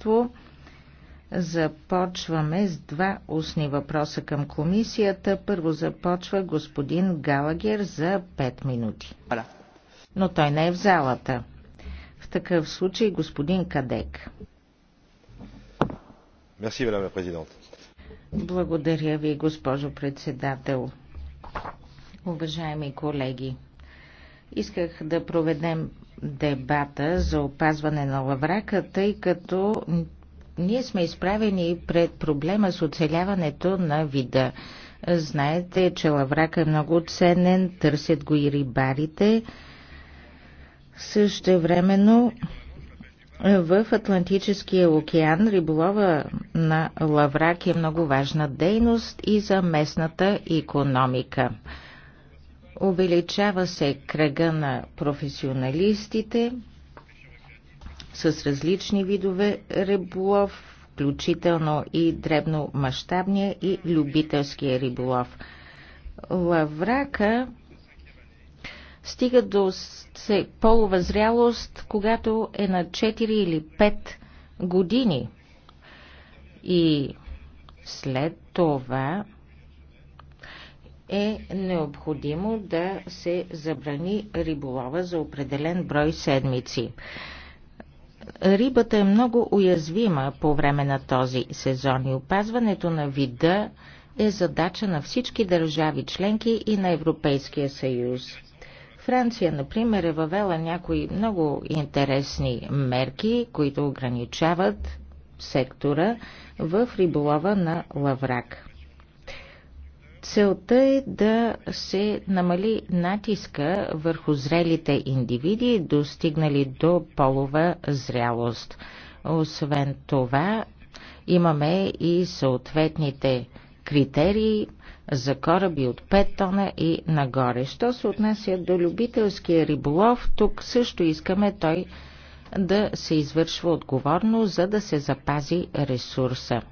председателство. Започваме с два устни въпроса към комисията. Първо започва господин Галагер за 5 минути. Но той не е в залата. В такъв случай господин Кадек. Благодаря ви, госпожо председател. Уважаеми колеги, исках да проведем дебата за опазване на лаврака, тъй като ние сме изправени пред проблема с оцеляването на вида. Знаете, че лаврак е много ценен, търсят го и рибарите. Също времено в Атлантическия океан риболова на лаврак е много важна дейност и за местната економика. Увеличава се кръга на професионалистите с различни видове риболов, включително и дребномащабния и любителския риболов. Лаврака стига до полувъзрялост, когато е на 4 или 5 години. И след това е необходимо да се забрани риболова за определен брой седмици. Рибата е много уязвима по време на този сезон и опазването на вида е задача на всички държави членки и на Европейския съюз. Франция, например, е въвела някои много интересни мерки, които ограничават сектора в риболова на лаврак. Целта е да се намали натиска върху зрелите индивиди, достигнали до полова зрялост. Освен това, имаме и съответните критерии за кораби от 5 тона и нагоре. Що се отнася до любителския риболов, тук също искаме той да се извършва отговорно, за да се запази ресурса.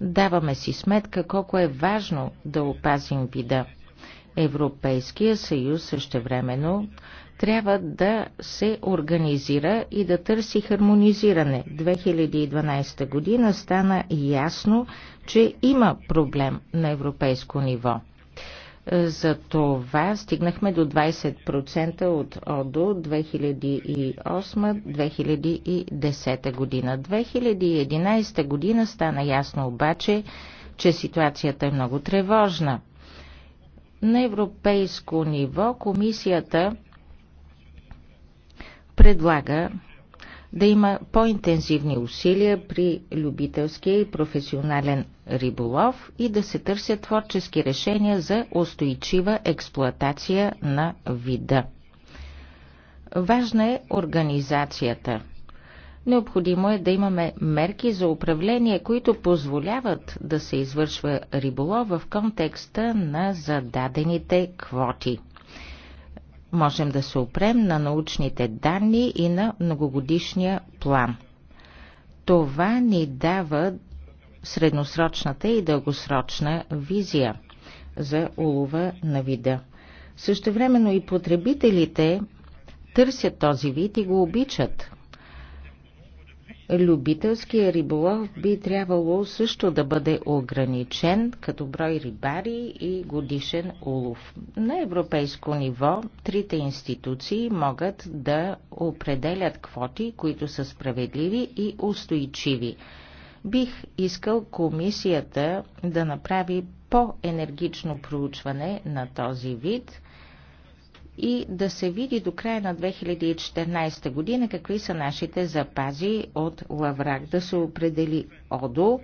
Даваме си сметка колко е важно да опазим вида. Европейския съюз същевременно трябва да се организира и да търси хармонизиране. 2012 година стана ясно, че има проблем на европейско ниво. За това стигнахме до 20% от ОДО 2008-2010 година. 2011 година стана ясно обаче, че ситуацията е много тревожна. На европейско ниво комисията предлага да има по-интензивни усилия при любителския и професионален риболов и да се търсят творчески решения за устойчива експлоатация на вида. Важна е организацията. Необходимо е да имаме мерки за управление, които позволяват да се извършва риболов в контекста на зададените квоти. Можем да се опрем на научните данни и на многогодишния план. Това ни дава средносрочната и дългосрочна визия за улова на вида. Същевременно и потребителите търсят този вид и го обичат. Любителския риболов би трябвало също да бъде ограничен като брой рибари и годишен улов. На европейско ниво трите институции могат да определят квоти, които са справедливи и устойчиви. Бих искал комисията да направи по-енергично проучване на този вид и да се види до края на 2014 година какви са нашите запази от лаврак, да се определи ОДО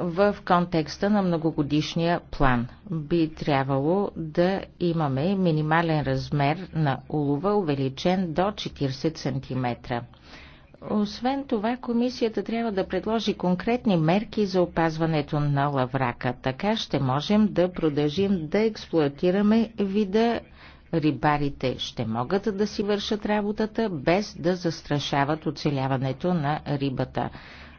в контекста на многогодишния план. Би трябвало да имаме минимален размер на улова, увеличен до 40 см. Освен това, комисията трябва да предложи конкретни мерки за опазването на лаврака. Така ще можем да продължим да експлуатираме вида. Рибарите ще могат да си вършат работата, без да застрашават оцеляването на рибата.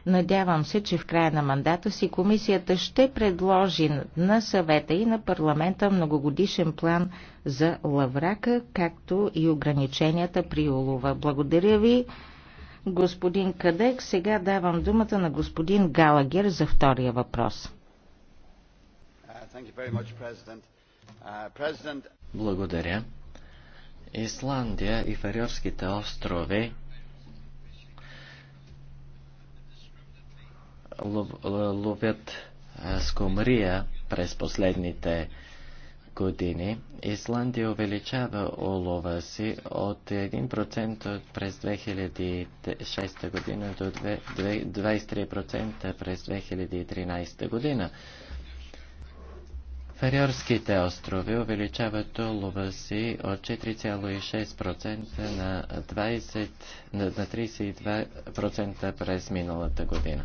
Надявам се, че в края на мандата си комисията ще предложи на съвета и на парламента многогодишен план за лаврака, както и ограниченията при улова. Благодаря ви господин Кадек. Сега давам думата на господин Галагер за втория въпрос. Благодаря. Исландия и Фариорските острови ловят скумрия през последните години Исландия увеличава улова си от 1% през 2006 година до 23% през 2013 година. Фариорските острови увеличават улова си от 4,6% на, 20, на 32% през миналата година.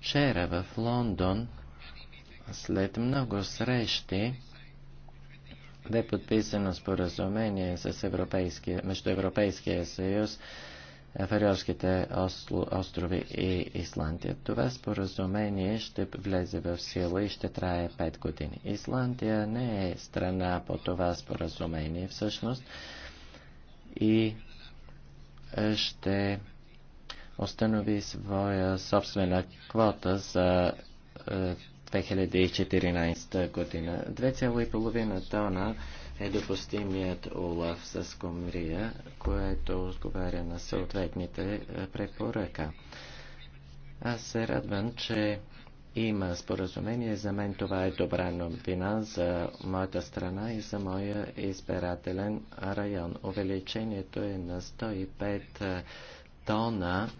Вчера в Лондон след много срещи бе подписано споразумение с Европейския, между Европейския съюз, Фариорските острови и Исландия. Това споразумение ще влезе в сила и ще трае 5 години. Исландия не е страна по това споразумение всъщност и ще установи своя собствена квота за 2014 година. 2,5 тона е допустимият улов с комрия, което отговаря на съответните е, препоръка. Аз се радвам, че има споразумение. За мен това е добра новина за моята страна и за моя избирателен район. Увеличението е на 105 е, тона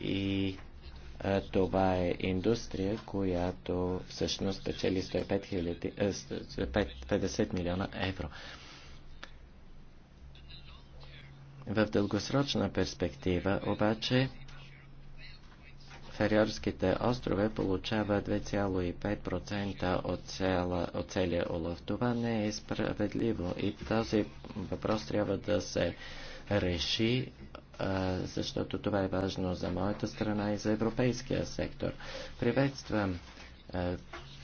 и това е индустрия, която всъщност печели 105 50 милиона евро. В дългосрочна перспектива обаче Фериорските острове получават 2,5% от, цяла, от целия улов. Това не е справедливо и този въпрос трябва да се реши защото това е важно за моята страна и за европейския сектор. Приветствам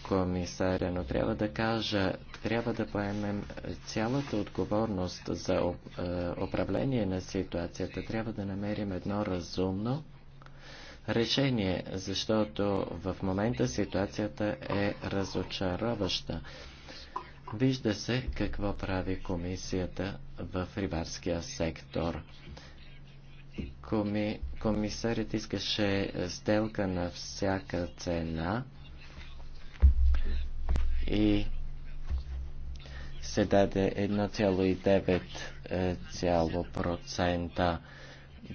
комисаря, но трябва да кажа, трябва да поемем цялата отговорност за управление на ситуацията. Трябва да намерим едно разумно решение, защото в момента ситуацията е разочароваща. Вижда се какво прави комисията в рибарския сектор. Коми, комисарят искаше е, сделка на всяка цена и се даде 1,9%. Е,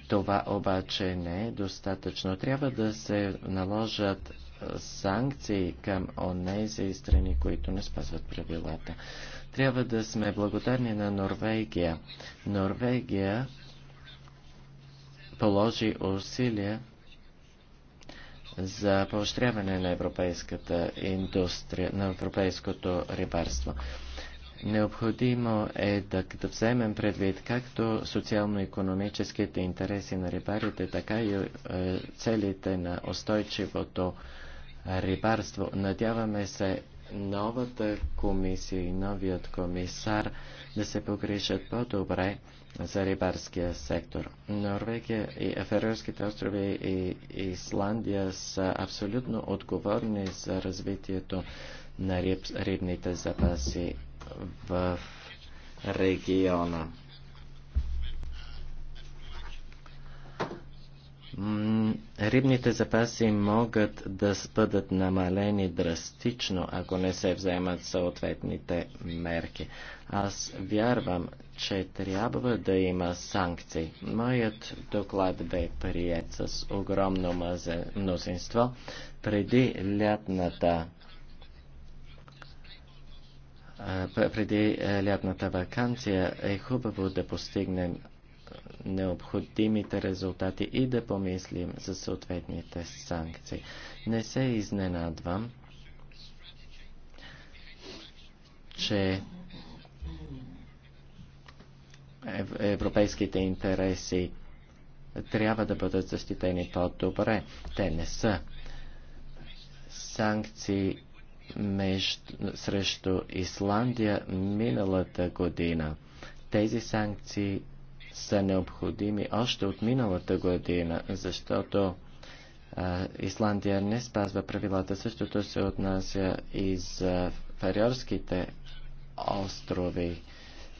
Това обаче не е достатъчно. Трябва да се наложат е, санкции към онези страни, които не спазват правилата. Трябва да сме благодарни на Норвегия. Норвегия положи усилия за поощряване на европейската индустрия, на европейското рибарство. Необходимо е да, да вземем предвид както социално-економическите интереси на рибарите, така и е, целите на устойчивото рибарство. Надяваме се новата комисия и новият комисар да се погрижат по-добре за рибарския сектор. Норвегия и Ферерските острови и Исландия са абсолютно отговорни за развитието на рибните запаси в региона. Рибните запаси могат да бъдат намалени драстично, ако не се вземат съответните мерки. Аз вярвам, че трябва да има санкции. Моят доклад бе прият с огромно мнозинство преди лятната преди лятната вакансия е хубаво да постигнем необходимите резултати и да помислим за съответните санкции. Не се изненадвам, че европейските интереси трябва да бъдат защитени по-добре. Те не са. Санкции между, срещу Исландия миналата година. Тези санкции са необходими още от миналата година, защото а, Исландия не спазва правилата. Същото се отнася и за Фариорските острови.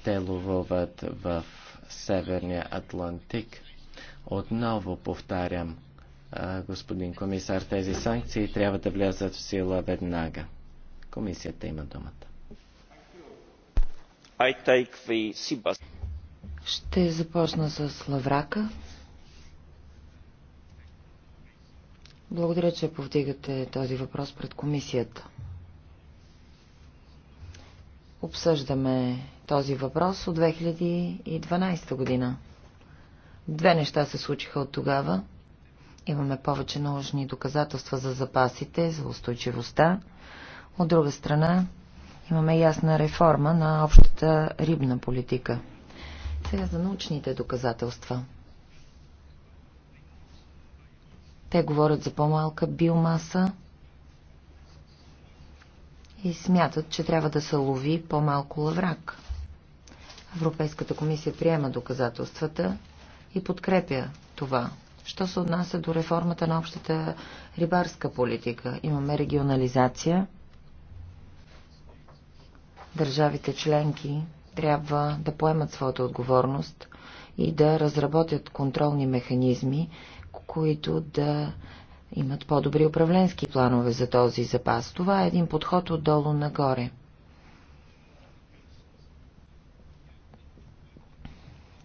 Те ловуват в Северния Атлантик. Отново повтарям, а, господин комисар, тези санкции трябва да влязат в сила веднага. Комисията има думата. I take the ще започна с Лаврака. Благодаря, че повдигате този въпрос пред комисията. Обсъждаме този въпрос от 2012 година. Две неща се случиха от тогава. Имаме повече научни доказателства за запасите, за устойчивостта. От друга страна, имаме ясна реформа на общата рибна политика – сега за научните доказателства. Те говорят за по-малка биомаса и смятат, че трябва да се лови по-малко лаврак. Европейската комисия приема доказателствата и подкрепя това. Що се отнася до реформата на общата рибарска политика? Имаме регионализация. Държавите членки трябва да поемат своята отговорност и да разработят контролни механизми, които да имат по-добри управленски планове за този запас. Това е един подход отдолу нагоре.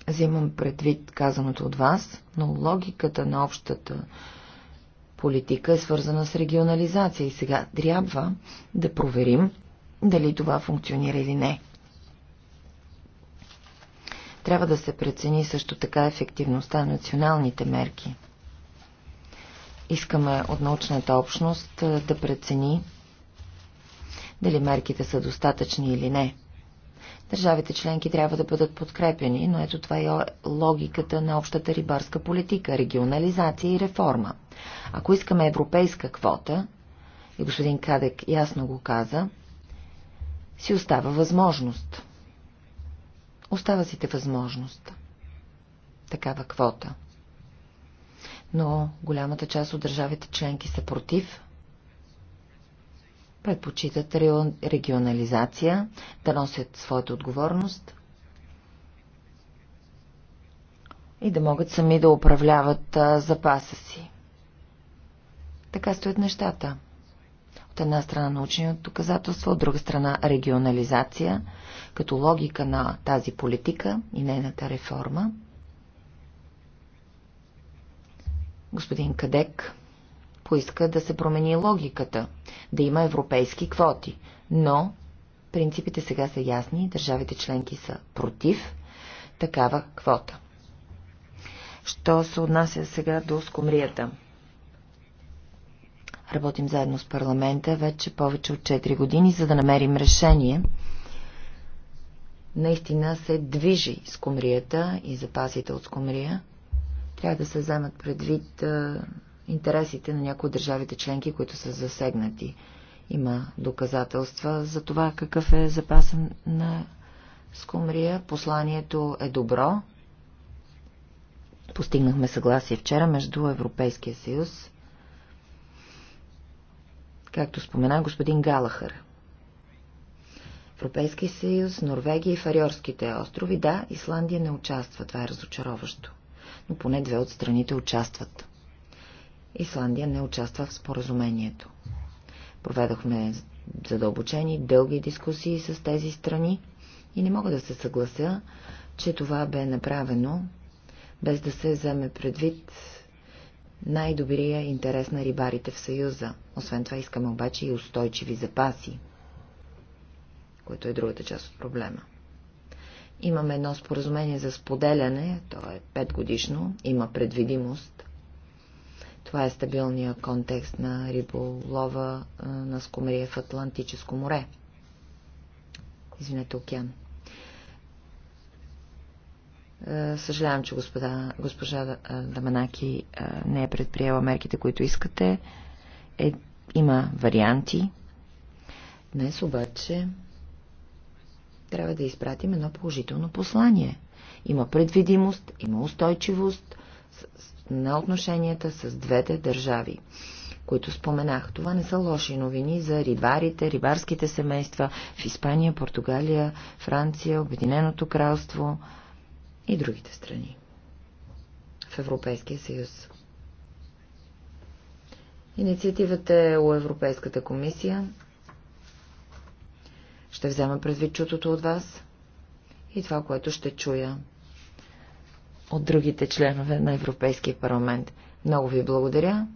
Взимам предвид казаното от вас, но логиката на общата политика е свързана с регионализация и сега трябва да проверим дали това функционира или не. Трябва да се прецени също така ефективността на националните мерки. Искаме от научната общност да прецени дали мерките са достатъчни или не. Държавите членки трябва да бъдат подкрепени, но ето това е логиката на общата рибарска политика – регионализация и реформа. Ако искаме европейска квота, и господин Кадек ясно го каза, си остава възможност – Остава си те възможност. Такава квота. Но голямата част от държавите членки са против. Предпочитат регионализация, да носят своята отговорност и да могат сами да управляват запаса си. Така стоят нещата. От една страна научни доказателства, от друга страна регионализация, като логика на тази политика и нейната реформа. Господин Кадек поиска да се промени логиката, да има европейски квоти, но принципите сега са ясни, държавите членки са против такава квота. Що се отнася сега до скумрията? Работим заедно с парламента вече повече от 4 години, за да намерим решение. Наистина се движи скумрията и запасите от скумрия. Трябва да се вземат предвид интересите на някои от държавите членки, които са засегнати. Има доказателства за това какъв е запасен на скумрия. Посланието е добро. Постигнахме съгласие вчера между Европейския съюз както спомена господин Галахър. Европейски съюз, Норвегия и Фариорските острови, да, Исландия не участва, това е разочароващо. Но поне две от страните участват. Исландия не участва в споразумението. Проведохме задълбочени, дълги дискусии с тези страни и не мога да се съглася, че това бе направено без да се вземе предвид най-добрия интерес на рибарите в Съюза. Освен това искаме обаче и устойчиви запаси, което е другата част от проблема. Имаме едно споразумение за споделяне, то е 5 годишно, има предвидимост. Това е стабилният контекст на риболова на скумерия в Атлантическо море. Извинете, океан. Е, съжалявам, че господа, госпожа Даманаки е, не е предприела мерките, които искате. Е, има варианти. Днес обаче трябва да изпратим едно положително послание. Има предвидимост, има устойчивост на отношенията с двете държави, които споменах. Това не са лоши новини за рибарите, рибарските семейства в Испания, Португалия, Франция, Обединеното кралство – и другите страни в Европейския съюз. Инициативата е у Европейската комисия. Ще взема предвид чутото от вас и това, което ще чуя от другите членове на Европейския парламент. Много ви благодаря.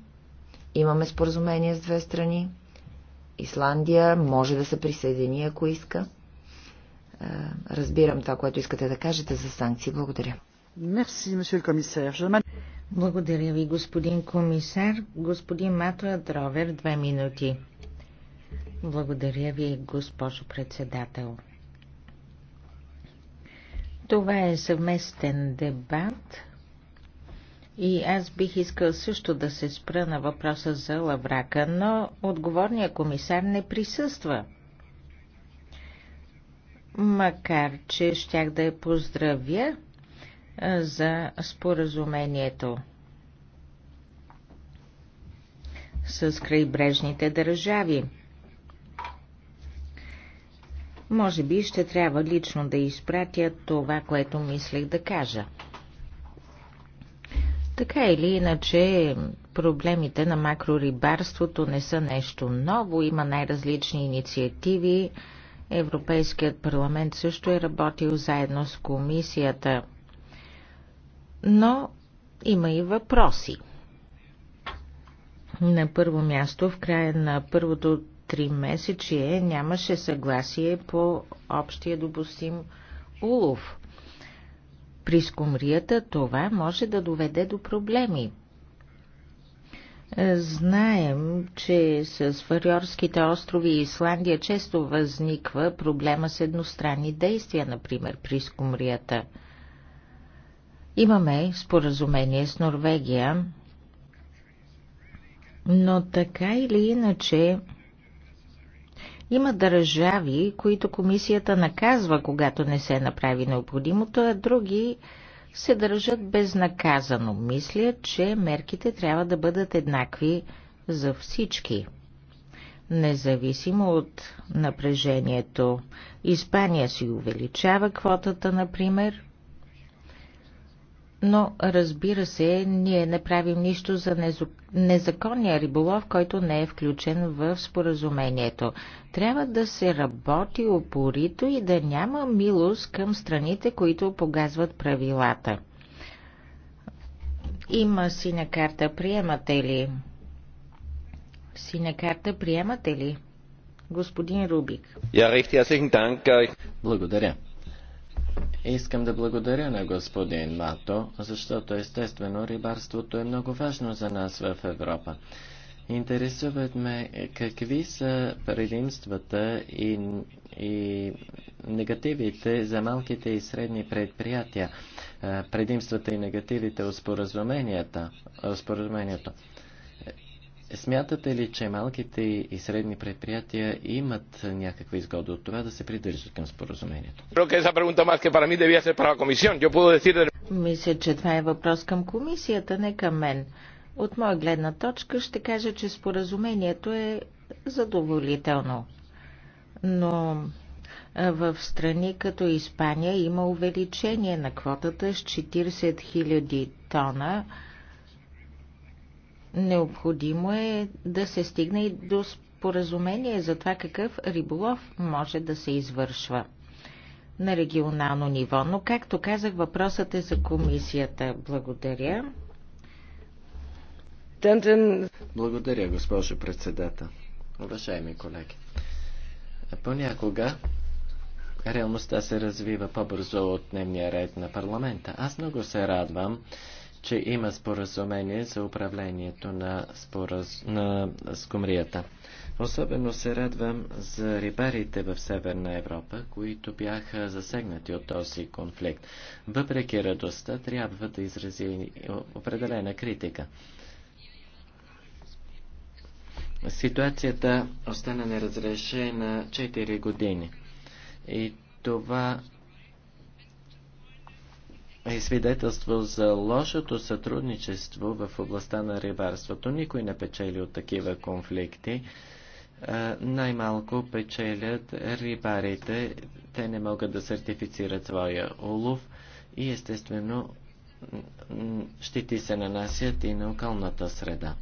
Имаме споразумение с две страни. Исландия може да се присъедини, ако иска. Е, разбирам това, което искате да кажете за санкции. Благодаря. Мерси, месье комисар. Благодаря ви, господин комисар. Господин Матуа Дровер, две минути. Благодаря ви, госпожо председател. Това е съвместен дебат и аз бих искал също да се спра на въпроса за Лаврака, но отговорният комисар не присъства макар че щях да я поздравя за споразумението с крайбрежните държави. Може би ще трябва лично да изпратя това, което мислех да кажа. Така или иначе, проблемите на макрорибарството не са нещо ново, има най-различни инициативи, Европейският парламент също е работил заедно с комисията. Но има и въпроси. На първо място, в края на първото три месечие нямаше съгласие по общия допустим улов. При скумрията това може да доведе до проблеми. Знаем, че с Фариорските острови и Исландия често възниква проблема с едностранни действия, например при скумрията. Имаме споразумение с Норвегия, но така или иначе има държави, които комисията наказва, когато не се направи необходимото, а други се държат безнаказано. Мисля, че мерките трябва да бъдат еднакви за всички. Независимо от напрежението, Испания си увеличава квотата, например, но разбира се, ние не правим нищо за незаконния риболов, който не е включен в споразумението. Трябва да се работи опорито и да няма милост към страните, които погазват правилата. Има синя карта, приемате ли? Синя карта, приемате ли? Господин Рубик. Благодаря. Искам да благодаря на господин Мато, защото естествено рибарството е много важно за нас в Европа. Интересуват ме е, какви са предимствата и, и негативите за малките и средни предприятия, е, предимствата и негативите от споразумението. Смятате ли, че малките и средни предприятия имат някаква изгода от това да се придържат към споразумението? Мисля, че това е въпрос към комисията, не към мен. От моя гледна точка ще кажа, че споразумението е задоволително. Но в страни като Испания има увеличение на квотата с 40 000 тона, Необходимо е да се стигне и до споразумение за това какъв риболов може да се извършва на регионално ниво. Но, както казах, въпросът е за комисията. Благодаря. Благодаря, госпожо председател. Уважаеми колеги, понякога реалността се развива по-бързо от дневния ред на парламента. Аз много се радвам, че има споразумение за управлението на, спораз... на скумрията. Особено се радвам за рибарите в Северна Европа, които бяха засегнати от този конфликт. Въпреки радостта, трябва да изрази определена критика. Ситуацията остана неразрешена 4 години. И това е свидетелство за лошото сътрудничество в областта на рибарството. Никой не печели от такива конфликти. Е, най-малко печелят рибарите. Те не могат да сертифицират своя улов и естествено щити се нанасят и на околната среда.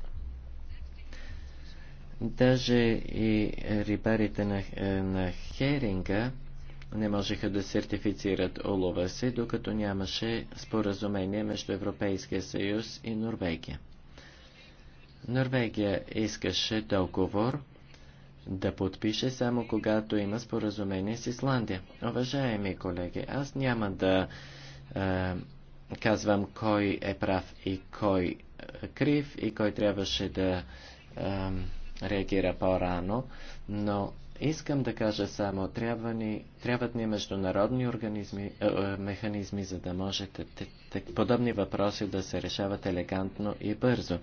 Даже и рибарите на, е, на Херинга не можеха да сертифицират олова си, докато нямаше споразумение между Европейския съюз и Норвегия. Норвегия искаше договор да подпише само когато има споразумение с Исландия. Уважаеми колеги, аз няма да е, казвам кой е прав и кой е крив и кой трябваше да е, реагира по-рано, но искам да кажа само, трябва ни, трябват ни международни организми, е, е механизми, за да можете те, подобни въпроси да се решават елегантно и бързо.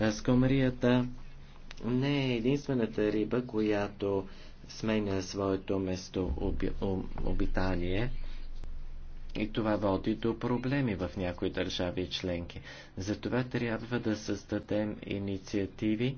Е, Скумрията не е единствената риба, която сменя своето место обитание. И това води до проблеми в някои държави и членки. Затова трябва да създадем инициативи,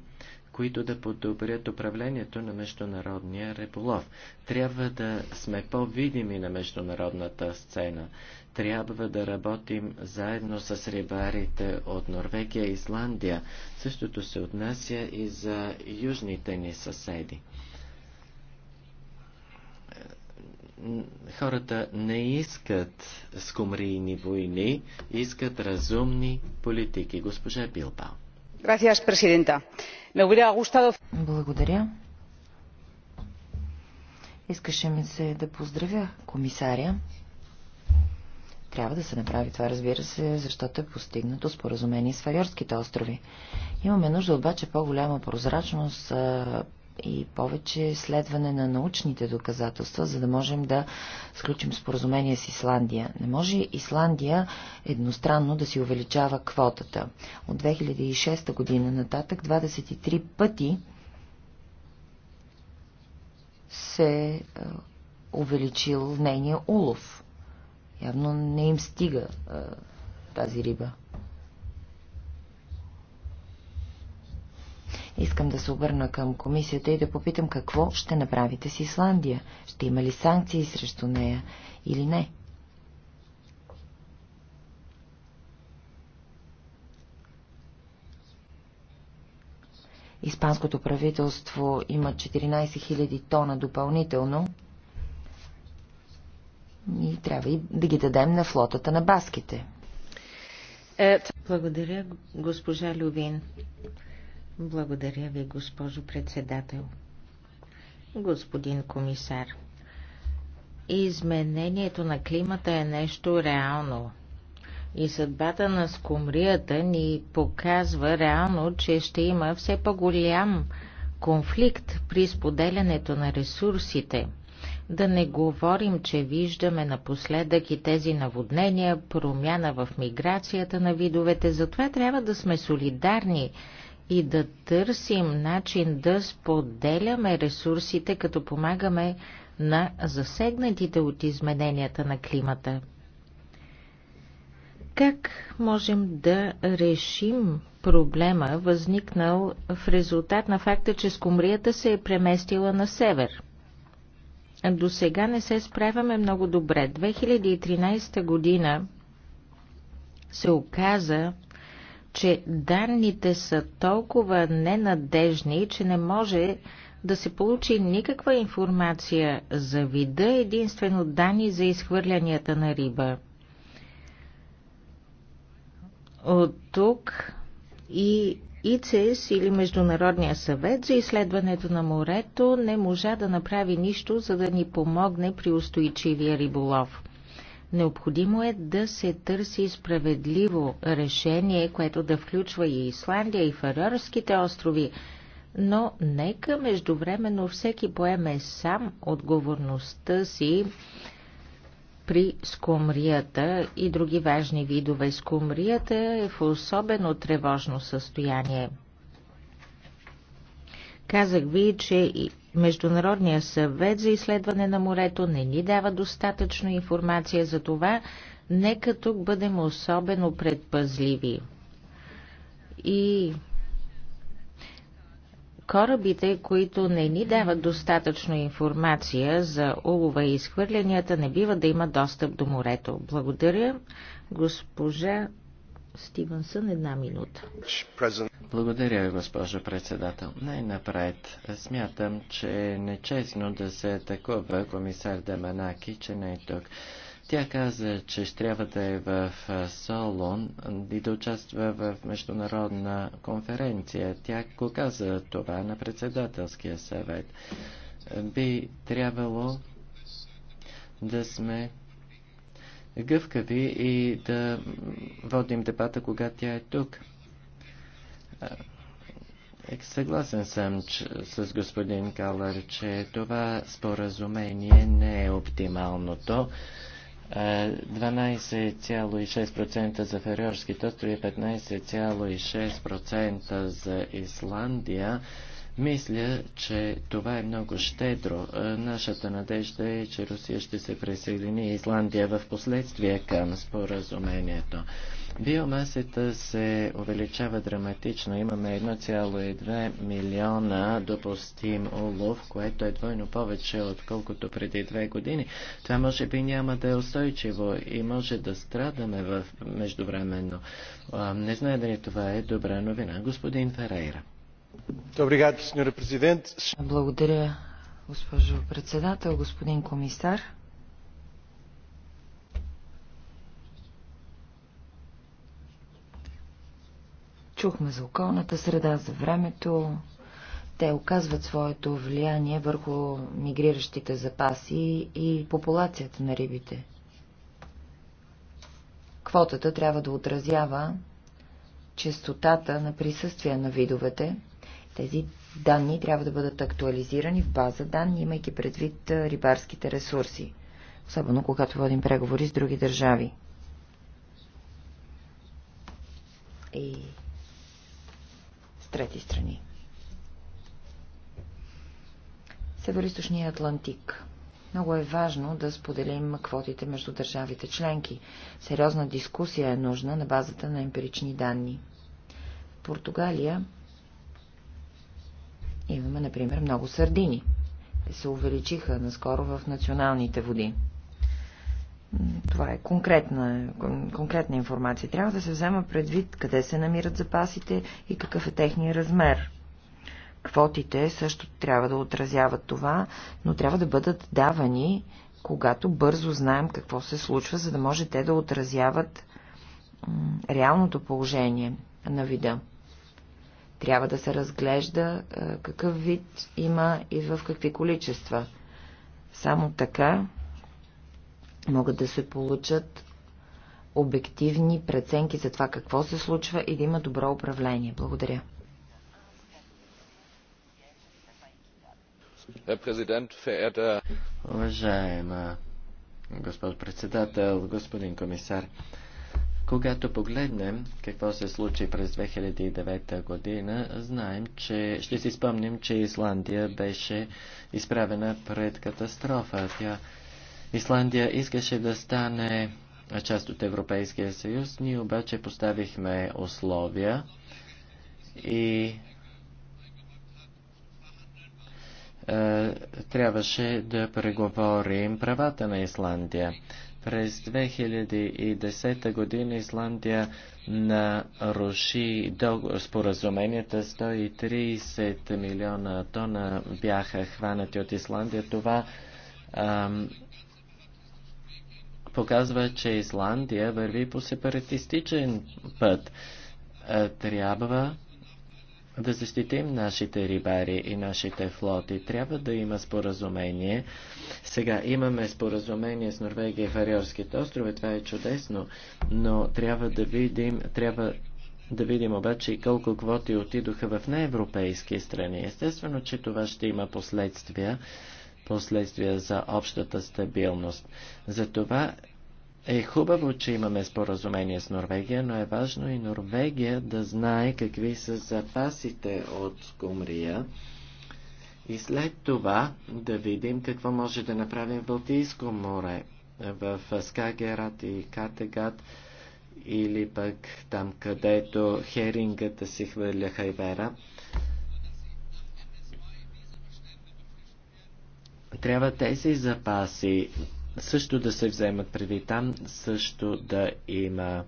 които да подобрят управлението на международния риболов. Трябва да сме по-видими на международната сцена. Трябва да работим заедно с рибарите от Норвегия и Исландия. Същото се отнася и за южните ни съседи. хората не искат скумрийни войни, искат разумни политики. Госпожа Билбао señora presidenta me hubiera gustado. Благодаря. Искаше ми се да поздравя комисаря. Трябва да се направи това, разбира се, защото е постигнато споразумение с Фариорските острови. Имаме нужда обаче по-голяма прозрачност и повече следване на научните доказателства, за да можем да сключим споразумение с Исландия. Не може Исландия едностранно да си увеличава квотата. От 2006 година нататък 23 пъти се е, увеличил нейния улов. Явно не им стига е, тази риба. Искам да се обърна към комисията и да попитам какво ще направите с Исландия. Ще има ли санкции срещу нея или не? Испанското правителство има 14 000 тона допълнително и трябва и да ги дадем на флотата на баските. Е, Благодаря, госпожа Лювин. Благодаря ви, госпожо председател. Господин комисар, изменението на климата е нещо реално. И съдбата на скумрията ни показва реално, че ще има все по-голям конфликт при споделянето на ресурсите. Да не говорим, че виждаме напоследък и тези наводнения, промяна в миграцията на видовете, затова трябва да сме солидарни и да търсим начин да споделяме ресурсите, като помагаме на засегнатите от измененията на климата. Как можем да решим проблема, възникнал в резултат на факта, че скумрията се е преместила на север? До сега не се справяме много добре. 2013 година се оказа, че данните са толкова ненадежни, че не може да се получи никаква информация за вида, единствено данни за изхвърлянията на риба. От тук и ИЦЕС или Международния съвет за изследването на морето не можа да направи нищо, за да ни помогне при устойчивия риболов. Необходимо е да се търси справедливо решение, което да включва и Исландия, и Фарерските острови, но нека междувременно всеки поеме сам отговорността си при скумрията и други важни видове. Скумрията е в особено тревожно състояние. Казах ви, че Международният съвет за изследване на морето не ни дава достатъчно информация за това, нека тук бъдем особено предпазливи. И корабите, които не ни дават достатъчно информация за улова и изхвърлянията, не бива да има достъп до морето. Благодаря, госпожа Стивенсън, една минута. Благодаря, госпожо председател. Най-напред смятам, че е нечестно да се атакува комисар Даманаки, че не е тук. Тя каза, че ще трябва да е в Солон и да участва в международна конференция. Тя го каза това на председателския съвет. Би трябвало да сме гъвкави и да водим дебата, когато тя е тук. Е, съгласен съм че, с господин Калър, че това споразумение не е оптималното. 12,6% за Фериорските острови, 15,6% за Исландия мисля, че това е много щедро. Е, нашата надежда е, че Русия ще се присъедини Исландия в последствие към споразумението. Биомасата се увеличава драматично. Имаме 1,2 милиона допустим улов, което е двойно повече, отколкото преди две години. Това може би няма да е устойчиво и може да страдаме в междувременно. Е, не знае дали това е добра новина. Господин Ферейра. Благодаря, госпожо председател, господин комисар. Чухме за околната среда, за времето. Те оказват своето влияние върху мигриращите запаси и популацията на рибите. Квотата трябва да отразява честотата на присъствие на видовете, тези данни трябва да бъдат актуализирани в база данни, имайки предвид рибарските ресурси, особено когато водим преговори с други държави. И с трети страни. Североизточния Атлантик. Много е важно да споделим квотите между държавите членки. Сериозна дискусия е нужна на базата на емпирични данни. В Португалия Имаме, например, много сардини. Те се увеличиха наскоро в националните води. Това е конкретна, конкретна информация. Трябва да се взема предвид къде се намират запасите и какъв е техния размер. Квотите също трябва да отразяват това, но трябва да бъдат давани, когато бързо знаем какво се случва, за да може те да отразяват реалното положение на вида. Трябва да се разглежда е, какъв вид има и в какви количества. Само така могат да се получат обективни преценки за това какво се случва и да има добро управление. Благодаря. Уважаема госпожо председател, господин комисар, когато погледнем какво се случи през 2009 година, знаем, че ще си спомним, че Исландия беше изправена пред катастрофа. Тя Исландия искаше да стане част от Европейския съюз, ние обаче поставихме условия и е, трябваше да преговорим правата на Исландия. През 2010 година Исландия наруши споразуменията. 130 милиона тона бяха хванати от Исландия. Това ам, показва, че Исландия върви по сепаратистичен път. Е, трябва да защитим нашите рибари и нашите флоти. Трябва да има споразумение. Сега имаме споразумение с Норвегия и Фариорските острови. Това е чудесно, но трябва да видим, трябва да видим обаче колко квоти отидоха в неевропейски страни. Естествено, че това ще има последствия, последствия за общата стабилност. Затова е хубаво, че имаме споразумение с Норвегия, но е важно и Норвегия да знае какви са запасите от Кумрия и след това да видим какво може да направим в Балтийско море, в Скагерат и Категат или пък там, където херингата си хвърля хайвера. Трябва тези запаси също да се вземат преди там, също да има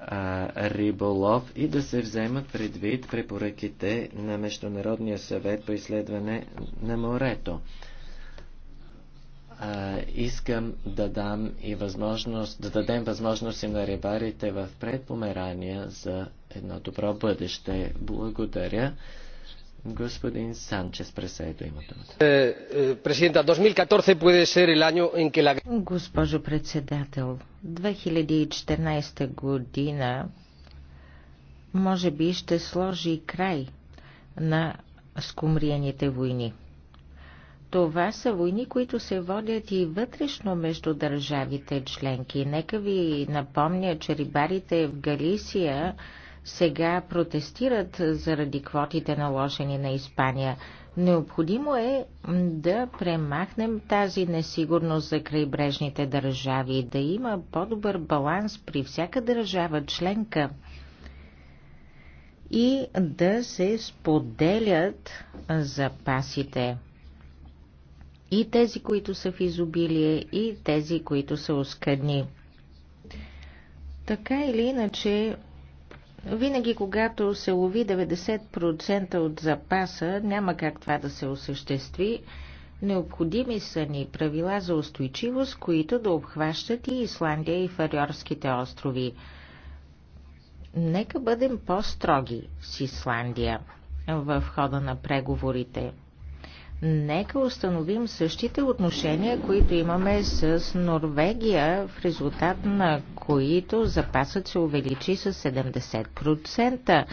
а, риболов и да се вземат предвид препоръките на Международния съвет по изследване на морето. А, искам да дам и възможност, да дадем възможност и на рибарите в предпомерания за едно добро бъдеще. Благодаря. Господин Санчес Преседо има е, е, е Госпожо председател, 2014 година може би ще сложи край на скумриените войни. Това са войни, които се водят и вътрешно между държавите членки. Нека ви напомня, че рибарите в Галисия сега протестират заради квотите наложени на Испания. Необходимо е да премахнем тази несигурност за крайбрежните държави, да има по-добър баланс при всяка държава членка и да се споделят запасите. И тези, които са в изобилие, и тези, които са оскъдни. Така или иначе, винаги, когато се лови 90% от запаса, няма как това да се осъществи. Необходими са ни правила за устойчивост, които да обхващат и Исландия и Фариорските острови. Нека бъдем по-строги с Исландия в хода на преговорите. Нека установим същите отношения, които имаме с Норвегия, в резултат на които запасът се увеличи с 70%.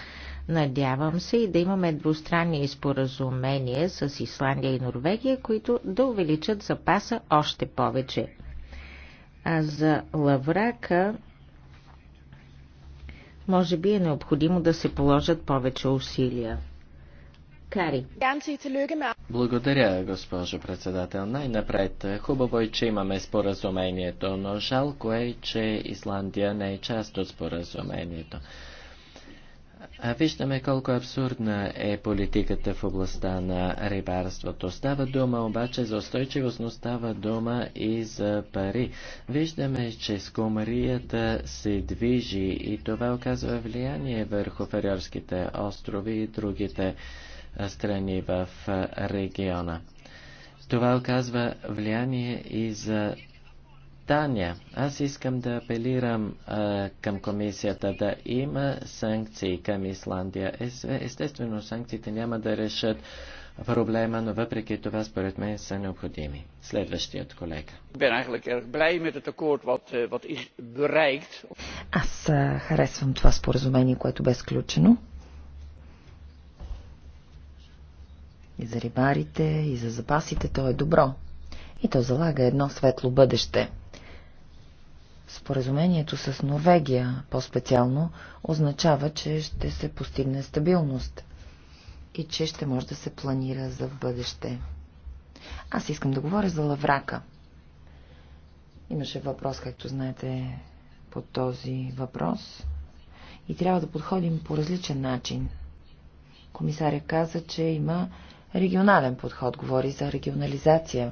Надявам се и да имаме двустранни споразумения с Исландия и Норвегия, които да увеличат запаса още повече. А за лаврака може би е необходимо да се положат повече усилия. Кари. Благодаря, госпожо председател. Най-напред, е хубаво е, че имаме споразумението, но жалко е, че Исландия не е част от споразумението. А виждаме колко абсурдна е политиката в областта на рибарството. Става дума обаче за устойчивост, но става дума и за пари. Виждаме, че скумарията се движи и това оказва влияние върху Фариорските острови и другите страни в региона. Това оказва влияние и за Дания. Аз искам да апелирам а, към комисията да има санкции към Исландия. Естествено, санкциите няма да решат проблема, но въпреки това, според мен, са необходими. Следващият колега. Eh, Аз харесвам това споразумение, което бе сключено. и за рибарите, и за запасите, то е добро. И то залага едно светло бъдеще. Споразумението с Норвегия, по-специално, означава, че ще се постигне стабилност и че ще може да се планира за в бъдеще. Аз искам да говоря за лаврака. Имаше въпрос, както знаете, по този въпрос и трябва да подходим по различен начин. Комисаря каза, че има регионален подход, говори за регионализация.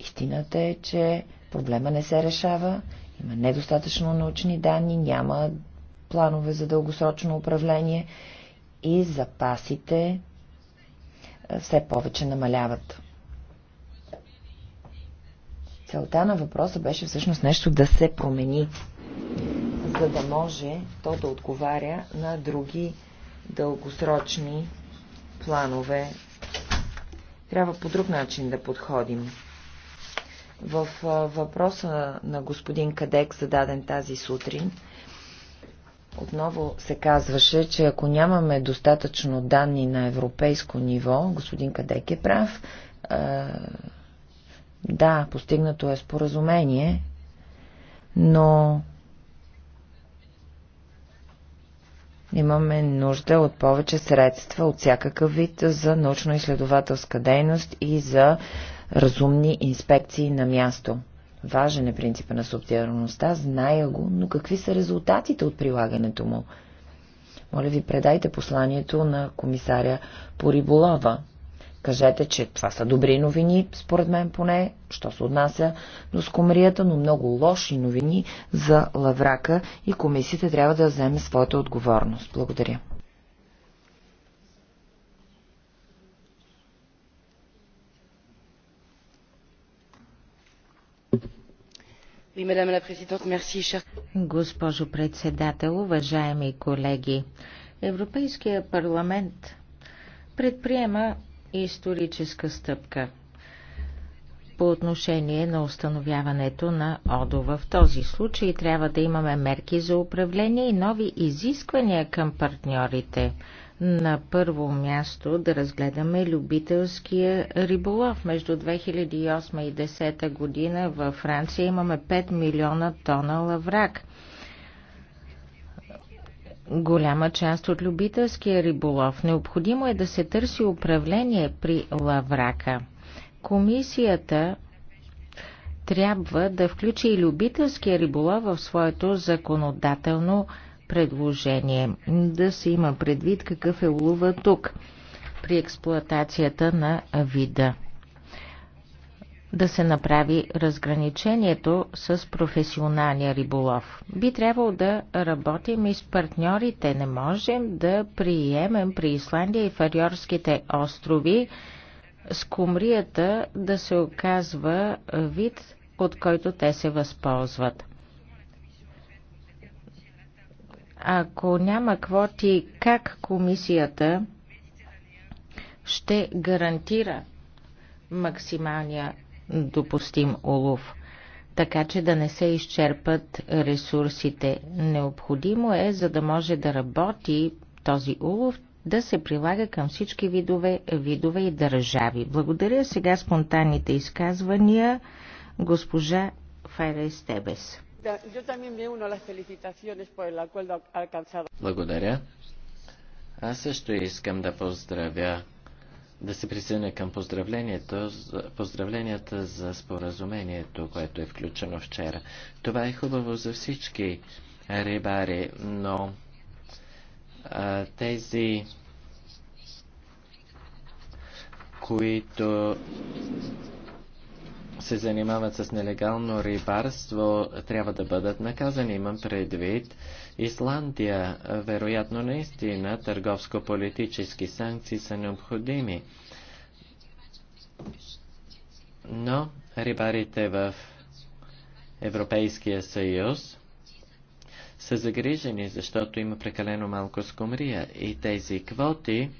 Истината е, че проблема не се решава, има недостатъчно научни данни, няма планове за дългосрочно управление и запасите е, все повече намаляват. Целта на въпроса беше всъщност нещо да се промени, за да може то да отговаря на други дългосрочни планове трябва по друг начин да подходим. В въпроса на господин Кадек, зададен тази сутрин, отново се казваше, че ако нямаме достатъчно данни на европейско ниво, господин Кадек е прав, да, постигнато е споразумение, но Имаме нужда от повече средства от всякакъв вид за научно-изследователска дейност и за разумни инспекции на място. Важен е принципа на субсидиарността, зная го, но какви са резултатите от прилагането му? Моля ви, предайте посланието на комисаря по риболова. Кажете, че това са добри новини, според мен поне, що се отнася до скумрията, но много лоши новини за Лаврака и комисията трябва да вземе своята отговорност. Благодаря. Госпожо председател, уважаеми колеги, Европейския парламент предприема историческа стъпка по отношение на установяването на ОДО. В този случай трябва да имаме мерки за управление и нови изисквания към партньорите. На първо място да разгледаме любителския риболов. Между 2008 и 2010 година във Франция имаме 5 милиона тона лаврак голяма част от любителския риболов. Необходимо е да се търси управление при лаврака. Комисията трябва да включи и любителския риболов в своето законодателно предложение. Да се има предвид какъв е улова тук при експлоатацията на вида да се направи разграничението с професионалния риболов. Би трябвало да работим и с партньорите. Не можем да приемем при Исландия и Фариорските острови скумрията да се оказва вид, от който те се възползват. Ако няма квоти, как комисията ще гарантира максималния допустим улов, така че да не се изчерпат ресурсите. Необходимо е, за да може да работи този улов, да се прилага към всички видове, видове и държави. Благодаря сега спонтанните изказвания госпожа Файрес Тебес. Благодаря. Аз също искам да поздравя да се присъединя към поздравлението, поздравленията за споразумението, което е включено вчера. Това е хубаво за всички рибари, но а, тези, които се занимават с нелегално рибарство, трябва да бъдат наказани. Имам предвид Исландия, вероятно наистина, търговско-политически санкции са необходими. Но рибарите в Европейския съюз са загрижени, защото има прекалено малко скумрия и тези квоти,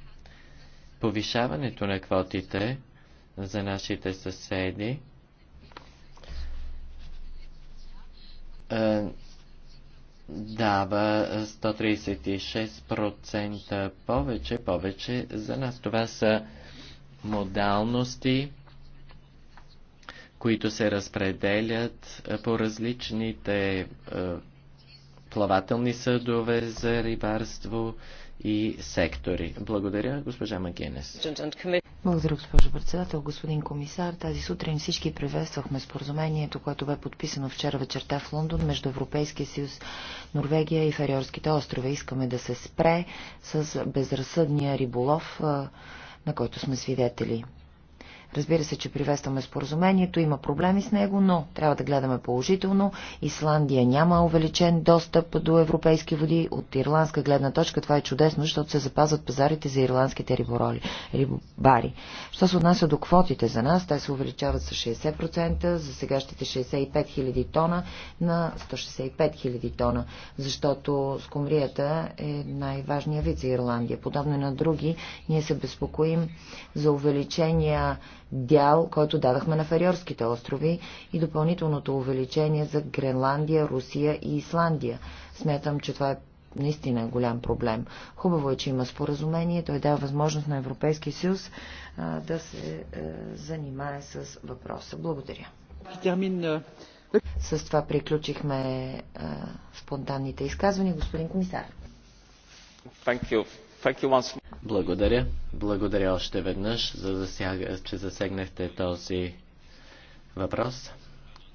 повишаването на квотите за нашите съседи, е, дава 136% повече, повече за нас. Това са модалности, които се разпределят по различните плавателни съдове за рибарство, и сектори. Благодаря, госпожа Магенес. Благодаря, госпожо председател. Господин комисар, тази сутрин всички приветствахме споразумението, което бе подписано вчера вечерта в Лондон между Европейския съюз, Норвегия и Фариорските острови. Искаме да се спре с безразсъдния риболов, на който сме свидетели. Разбира се, че приветстваме споразумението, има проблеми с него, но трябва да гледаме положително. Исландия няма увеличен достъп до европейски води. От ирландска гледна точка това е чудесно, защото се запазват пазарите за ирландските рибороли, рибари. Що се отнася до квотите за нас, те се увеличават с 60%, за сегащите 65 000 тона на 165 000 тона, защото скумрията е най-важният вид за Ирландия. Подобно на други, ние се безпокоим за увеличения дял, който дадахме на Фариорските острови и допълнителното увеличение за Гренландия, Русия и Исландия. Смятам, че това е наистина голям проблем. Хубаво е, че има споразумение. Той дава възможност на Европейския съюз а, да се а, е, занимае с въпроса. Благодаря. Е, с това приключихме а, е, спонтанните изказвания. Господин комисар. Thank you. Благодаря. Благодаря още веднъж, за засяга, че засегнахте този въпрос.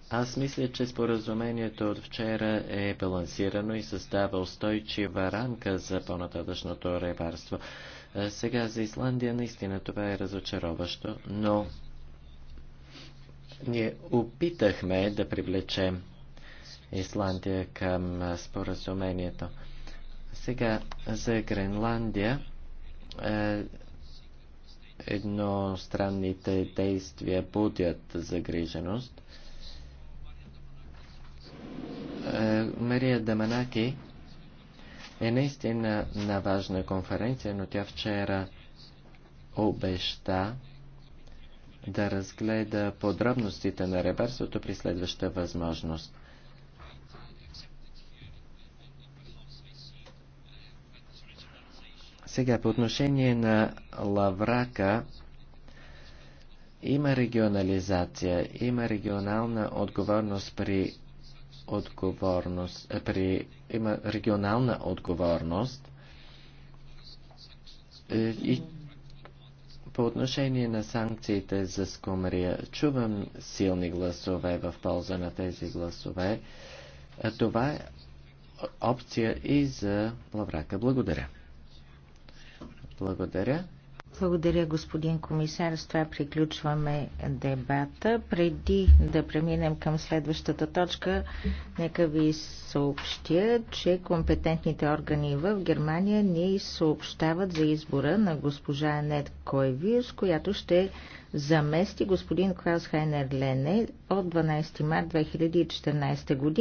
Аз мисля, че споразумението от вчера е балансирано и създава устойчива рамка за по-нататъчното рибарство. Е, сега за Исландия наистина това е разочароващо, но ние опитахме да привлечем Исландия към споразумението. Сега за Гренландия е, едностранните действия будят загриженост. Е, Мария Даманаки е наистина на важна конференция, но тя вчера обеща да разгледа подробностите на реверсото при следваща възможност. Сега, по отношение на Лаврака, има регионализация, има регионална отговорност при отговорност, при, има регионална отговорност е, и по отношение на санкциите за скумрия, чувам силни гласове в полза на тези гласове. Е, това е опция и за Лаврака. Благодаря. Благодаря. Благодаря, господин комисар. С това приключваме дебата. Преди да преминем към следващата точка, нека ви съобщя, че компетентните органи в Германия ни съобщават за избора на госпожа Анет Койвиус, която ще замести господин Клаус Хайнер Лене от 12 март 2014 година.